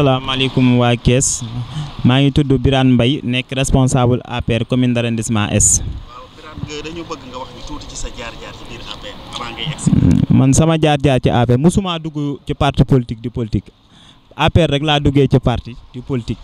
asalaamaaleykum waa Kees maa ngi tudd Birane mbay nekk responsable APR commune d'arrondissement Est. es mm, man sama jaar-jaar ci APR mosuma dugg ci parti politique di politique APR rek laa duggee ci parti di politique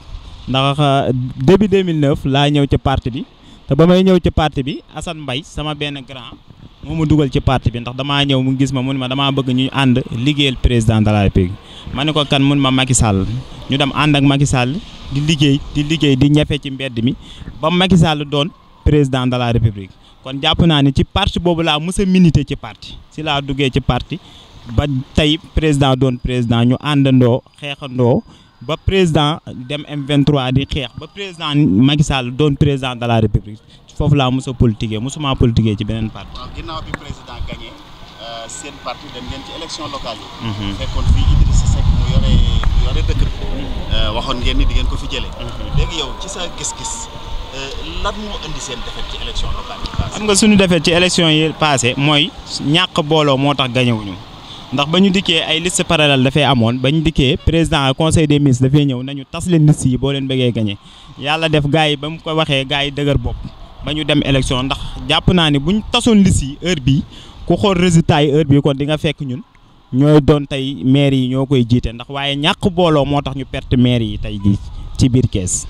ndax euh, début 2009 laa ñëw ci parti bi. te ba may ñëw ci parti bi Assane mbay sama benn grand moo mu dugal ci parti bi ndax damaa ñëw mu gis ma mun ma damaa bëgg ñu ànd liggéeyal président de la République ma ne ko kan mun ma Macky Sall ñu dem ànd ak Macky Sall di liggéey di liggéey di ñefe ci mbedd mi ba Macky Sall doon président de la République kon jàpp naa ne ci parti boobu laa mës a ci parti si laa duggee ci parti ba tey président doon président ñu àndandoo xeexandoo ba président dem M23 di xeex ba président Macky Sall doon président de la république foofu laa mos a politiquer mosuma ci beneen parti. waaw ginnaaw euh, seen parti dem ngeen ci élection locale yi. Mhm. Euh, waxoon ngeen ni di ngeen ko fi jëlee. Mhm. léegi yow ci sa gis-gis euh, lan seen défaite ci élection yi. xam nga suñu défaite ci élection yi passé mooy ñàkk booloo moo tax gagné ndax ba ñu dikkee ay liste parallèle dafay amoon ba ñu dikkee président conseil des ministres dafay ñëw nañu tas leen liste yi boo leen bëggee gagné yàlla def gars yi ba mu ko waxee gars yi dëgër bopp ba ñu dem élection ndax jàpp naa ne bu ñu tasoon liste yi heure bii ku xool résultat yi heure bii kon di nga fekk ñun ñooy doon tey maire yi ñoo koy jiite ndax waaye ñàkk booloo moo tax ñu perte maire yi tey jii ci biir kees.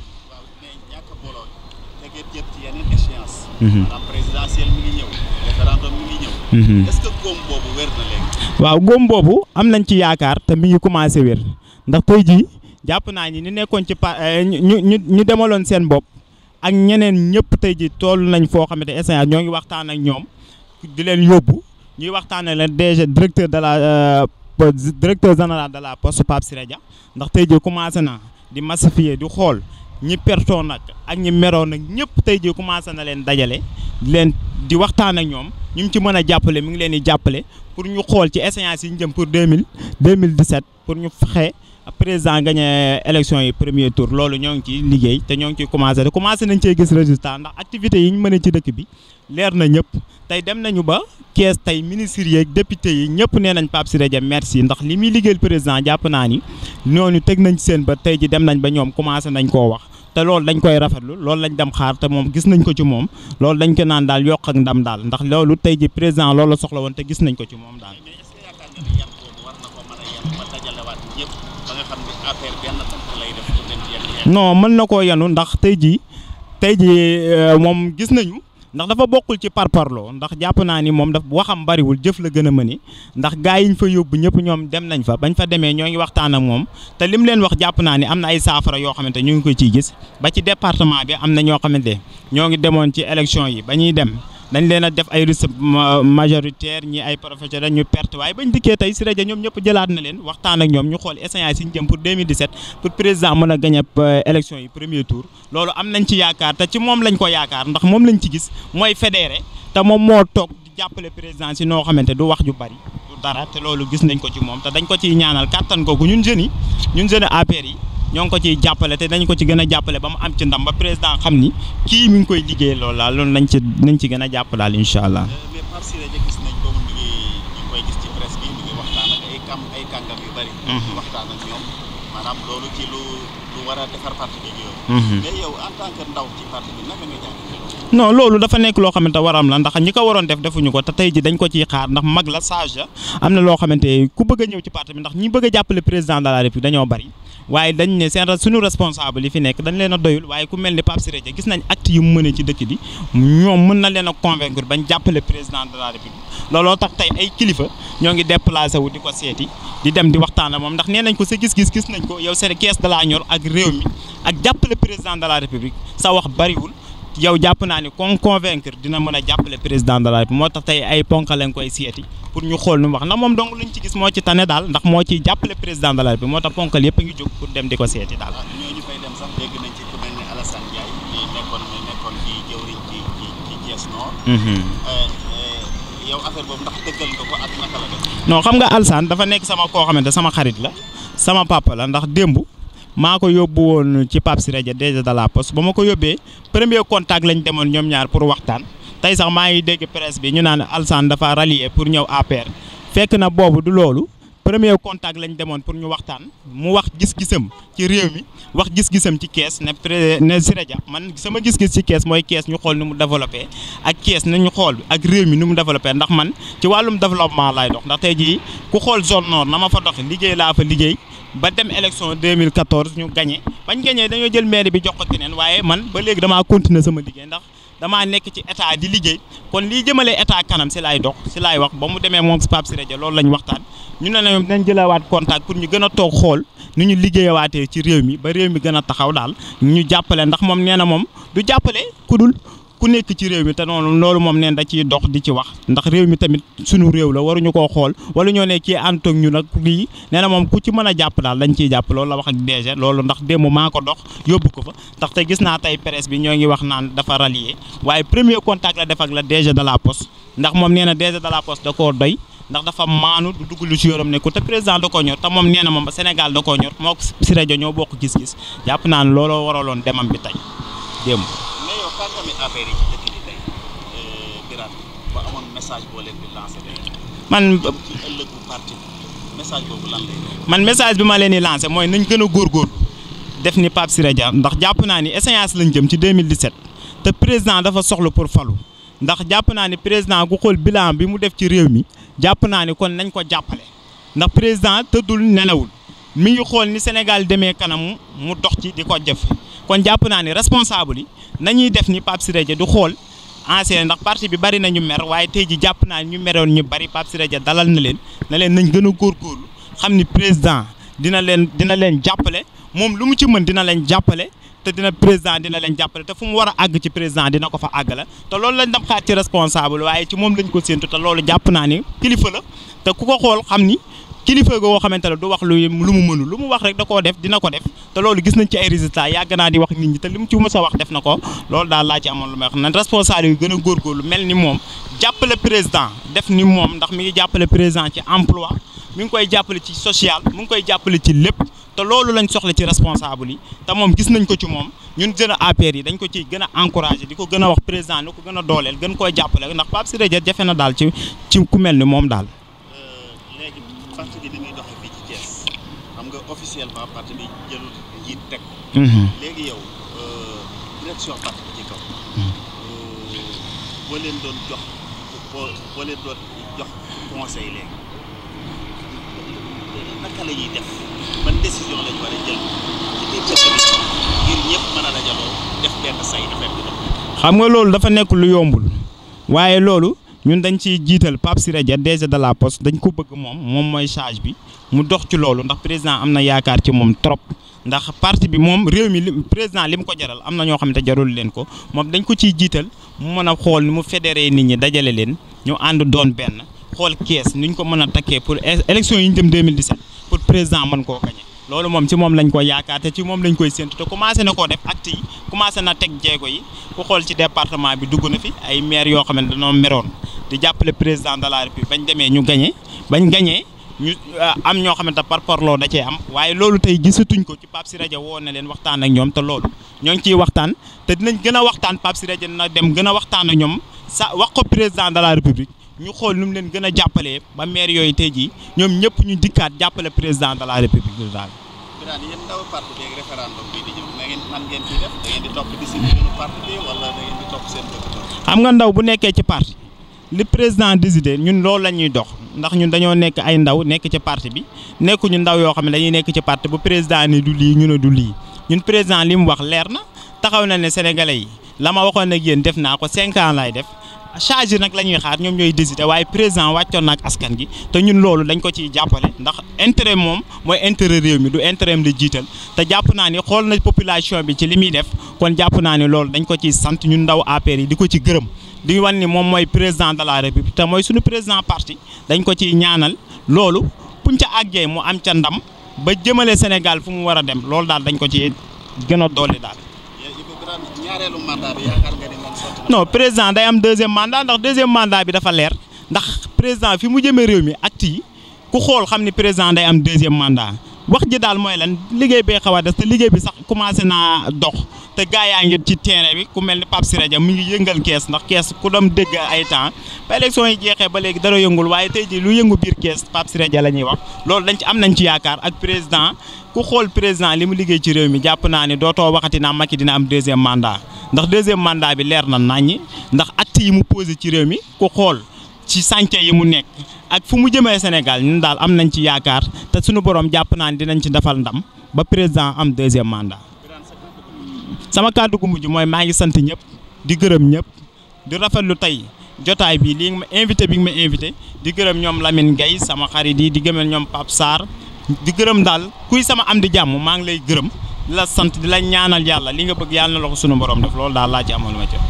Mhm. est-ce góom boobu waaw góom boobu am nañ ci yaakaar te mi ngi commencé wér ndax tey ji jàpp naa ñi ni nekkoon ci pa eh, ñu ñu ñu demaloon seen bopp ak ñeneen ñëpp tey jii tool nañ foo xamante ne ñoo ngi waxtaan ak ñoom di leen yóbbu ñuy waxtaan ak leen DG directeur de la euh, directeur général de la poste Pape Siré Dia ndax tey jii commencé na di massifier di xool. ñi pertoon nag ak ñi meroon nag ñëpp tey ji commencé na leen dajale leen di waxtaan ak ñoom ñu ngi ci mën a jàppale mu ngi leen di jàppale pour ñu xool ci échéance yi ñu jëm pour 2000 2017 pour ñu fexe président gagné élection yi premier tour loolu ñoo ngi ciy liggéey te ñoo ngi ciy commencé te commencé nañ cee gis résultant ndax activités yi ñu mën a ci dëkk bi leer na ñëpp tey dem nañu ba kees tey ministres yeeg député yi ñëpp nee nañ Pape Siré Dia merci ndax li muy liggéeyal président jàpp naa ni ñooñu teg nañ seen ba tey ji dem nañ ba ñoom commencé nañ koo wax te loolu dañ koy rafetlu loolu lañ dem xaar te moom gis nañ ko ci moom loolu dañ ko naan daal yokk ak ndam daal ndax loolu tey ji président loolu la soxla woon te gis nañ ko ci moom daal. non mën na koo yanu ndax tey ji tey ji euh, moom gis nañu. ndax dafa bokkul ci parparloo ndax jàpp naa ni moom daf waxam bariwul jëf la gën a mëni ndax gaa yi ñu fa yóbbu ñëpp ñoom dem nañ fa bañ fa demee ñoo ngi waxtaan ak moom te lim leen wax jàpp naa ni am na ay saafara yoo xamante ñu ngi koy ciy gis ba ci département bi am na ñoo xam xamante ñoo ngi demoon ci élection yi ba ñuy dem dañ leen a def ay liste majoritaire ñi ay professeur ñu perte waaye bañ dikkee tey si rajo ñoom ñëpp jëlaat na leen waxtaan ak ñoom ñu xool échéance yi ñu jëm pour 2017 pour président mën a gagné euh, élection yi premier tour loolu am nañ ci yaakaar te ci moom lañ ko yaakaar ndax moom lañ ci gis mooy fédéré te moom moo toog jàppale président si noo xamante du wax ju bari du dara te loolu gis nañ ko ci moom te dañ ko ciy ñaanal kàttan kooku ñun jeunes yi ñun jeunes APR yi ñoo ko ciy jàppale te dañ ko ci gën a jàppale ba mu am ci ndam ba président xam ni kii mi ngi koy liggéey loolu daal loolu nañ ci nañ ci gën a jàpp daal incha allah. Euh, mais Pape waxtaan ak ay mhm. maanaam loolu ci lu lu defar parti bi mhm. mais yow non loolu dafa nekk loo xamante waram la ndax ñi ko waroon def defuñu ko te tey ji dañ ko ciy xaar ndax mag la sage am na loo xamante ku bëgg ñëw ci parti bi ndax ñi bëgg jàppale président de la république dañoo bari waaye dañ ne suñu responsable yi fi nekk dañ leen a doyul waaye ku mel ni Pape Siré Dia gis nañ acte yu mu mënee dëkk bi ñoom mën na leen a convaincre jàppale président de la république looloo tax tey ay kilifa ñoo ngi déplacé wu di ko seeti di dem di waxtaan ak moom ndax nee nañ ko sa gis-gis gis nañ ko yow seen kees da laa ñor ak réew mi ak jàppale président de la république sa wax bariwul yow jàpp naa ni kon convaincre dina mën a jàppale président de la moo tax tey ay ponk lañ koy seeti pour ñu xool nu mu wax ndax moom dong luñ ci gis moo ci tane daal ndax moo ciy jàppale président de la République moo tax ponkal yëpp a ngi jóg pour dem di ko seeti daal. Ah, ñooñu xam nga Alassane dafa nekk sama koo xamante sama xarit la sama papa la ndax démb. maa ko yóbbu woon ci Pape Siré Dia déjà de la poste ba ma ko yóbbee premier contact lañ demoon ñoom ñaar pour waxtaan tey sax maa ngi dégg presse bi ñu naan Alsane dafa rallier pour ñëw APR fekk na boobu du loolu premier contact lañ demoon pour ñu waxtaan mu wax gis-gisam ci réew mi wax gis-gisam ci kees ne ne Siré Dia man sama gis-gis ci kees mooy kees ñu xool ni mu développé ak kees nañu xool ak réew mi nu mu développé ndax man ci wàllum développement laay dox ndax tey jii ku xool zone nord na ma fa doxee liggéey laa fa liggéey. ba dem élection 2014 ñu gagné bañ gagné dañoo jël mairie bi jox ko keneen waaye man ba léegi damaa continuer sama liggéey ndax damaa nekk ci état di liggéey kon liy jëmalee état kanam si laay dox si laay wax ba mu demee moom Pape Siré Dia loolu lañ waxtaan ñu ne nañ nañ jëlawaat contact pour ñu gën a toog xool nu ñu liggéeyawaatee ci réew mi ba réew mi gën a taxaw daal ñu jàppale ndax moom nee na moom du jàppale ku dul ku nekk ci réew mi te noonu loolu moom neen da ciy dox di ci wax ndax réew mi tamit sunu réew la waruñu koo xool wala ñoo ne kii ànd ñu nag lii nee na moom ku ci mën a jàpp daal dañ ciy jàpp la wax ak loolu ndax démb maa ko dox yóbbu ko fa ndax gis naa tey presse bi ñoo ngi wax naan dafa rallier waaye premier contact la def ak la DG de la poste ndax moom nee na DG de la poste da koo doy ndax dafa maanu du dugg lu ci yoram ne ko te président ñor moom nee na moom Sénégal da koo ñor moo si rajo ñoo bokk gis-gis jàpp naa ne looloo waraloon demam bi tey démb yaakaar tamit affaire euh, message boo euh, man message bi ma leen di lancé mooy nañ gën a góorgóorlu def ni Pape Siré Dia ndax jàpp naa ni échéance lañ jëm ci 2017 te président dafa soxla pour falu ndax jàpp naa ni président gu xool bilan bi mu def ci réew mi jàpp naa ni kon nañ ko jàppale ndax président tëddul nelawul mi ngi xool ni Sénégal demee kanam mu dox ci di ko jëf kon jàpp naa ni responsable yi nañuy def ni Pape Siré Dia du xool ancien ndax parti bi bari na ñu mer waaye tey ji jàpp naa ñu meroon ñu bari Pape Siré dalal na leen na leen nañ gën a góorgóorlu xam ni président dina leen dina leen jàppale moom lu mu ci mën dina leen jàppale te dina président dina leen jàppale te fu mu war a àgg ci président dina ko fa àgg la te loolu lañ dem xaar ci responsable waaye ci moom lañ ko séentu te loolu jàpp naa ni kilifa la te ku ko xool xam ni kilifa goo xamante ne du wax lu lu mu mënu lu mu wax rek da koo def dina ko def te loolu gis nañ ci ay résultats yàgg naa di wax nit ñi te li mu ci mës a wax def na ko loolu daal laa ci amoon lu may wax nan a góorgóorlu mel ni moom jàppale président def ni moom ndax mi ngi jàppale président ci emploi mi ngi koy jàppale ci social mi ngi koy jàppale ci lépp te loolu lañ soxla ci responsable yi te moom gis nañ ko ci moom ñun gën a APR yi dañ ko ciy gën a encouragé di ko gën a wax président ni ko gën a dooleel gën koo jàppale ndax Pape Siré Dia jafe na daal ci ci ku mel ni moom daal actuellement parti bi jël njiit teg mhm. léegi yow euh, direction parti bi ci mhm. euh, xam nga loolu dafa nekk lu yombul waaye loolu. ñun dañ ci jiital Pape Siré Dia DG de la poste dañ ko bëgg moom moom mooy charge bi mu dox ci loolu ndax président am na yaakaar ci moom trop ndax parti bi moom réew mi li président li mu ko jaral am na ñoo xam ne jarul leen ko moom dañ ko ciy jiital mu mën a xool ni mu fédéré nit ñi dajale leen ñu ànd doon benn xool kees ñu ko mën a takkee pour élection yi ñu dem 2017 pour président mën koo gañe loolu moom ci moom lañ koy yaakaar te ci moom lañ koy séntu te commencé na koo def acte commencé na teg jéego yi ku xool ci département bi dugg na fi ay maire yoo xam ne dañoo di jàppale président de la république bañ demee ñu gagné bañ gagné ñu euh, am ñoo xamante par loo da cee am waaye loolu tey gisatuñ ko ci Pape Siré Dia woo na leen waxtaan ak ñoom te loolu ñoo ngi ciy waxtaan te dinañ gën a waxtaan Pape Siré Dia na dem gën a waxtaan ak ñoom sa wax ko président de la république ñu xool nu mu leen gën a jàppalee ba maire yooyu tey jii ñoom ñëpp ñu dikkaat jàppale président de la république du daal. xam nga ndaw bu nekkee ci parti li président décidé ñun loolu la ñuy dox ndax ñun dañoo nekk ay ndaw nekk ci parti bi nekkuñu ndaw yoo xam ne dañuy nekk ci parti bu président ni du lii ñu ne du lii ñun président li mu wax leer na taxaw na ne sénégalais yi la ma waxoon ak yéen def naa ko cinq ans laay def charge nag la ñuy xaar ñoom ñooy décidé waaye président wàccoon na ak askan gi te ñun loolu dañ ko ciy jàppale ndax intérêt moom mooy intérêt réew mi du intérêt am la jiital te jàpp naa ni xool na population bi ci li muy def kon jàpp naa ni loolu dañ ko ciy sant ñun ndaw APR yi di ko ci gërëm di wan ni moom mooy président de la république te mooy suñu président parti dañ ko ciy ñaanal loolu puñ ca àggee mu am ca ndam ba jëmale Sénégal fu mu war a dem loolu daal dañ ko ci gën a dolli daal. no président day am deuxième mandat ndax deuxième mandat bi dafa leer ndax président fi mu jëmee réew mi acte ku xool xam ni président day am deuxième mandat wax ji daal mooy lan liggéey bee xaw a des te liggéey bi sax commencé naa dox. te gaa yaa ngi ci terrain bi ku mel ni Pape Siré mu ngi yëngal kees ndax kees ku doon dégg ay temps ba élection yi jeexee ba léegi dara yëngul waaye tey jii lu yëngu biir kees Pape Siré lañuy la wax loolu dañ ci am nañ ci yaakaar ak président ku xool président li mu liggéey ci réew mi jàpp naa dootoo waxati naa dina am deuxième mandat ndax deuxième mandat bi leer na ñi ndax at yi mu posé ci réew mi ku xool ci chantier yi mu nekk ak fu mu jëmee Sénégal ñun daal am nañ ci yaakaar te suñu borom jàpp naa ni dinañ ci defal ndam ba président am deuxième mandat sama kàddu gu mujj mooy maa ngi sant ñëpp di gërëm ñëpp di rafetlu tey jotaay bi lii ma invité bi nga ma invité di gërëm ñoom Lamine Gueye sama xarit yi di gëmel ñoom Pape saar di gërëm daal kuy sama am di jàmm maa ngi lay gërëm di la sant di la ñaanal yàlla li nga bëgg yàlla na la ko sunu borom def loolu daal laa ci amoon ma ci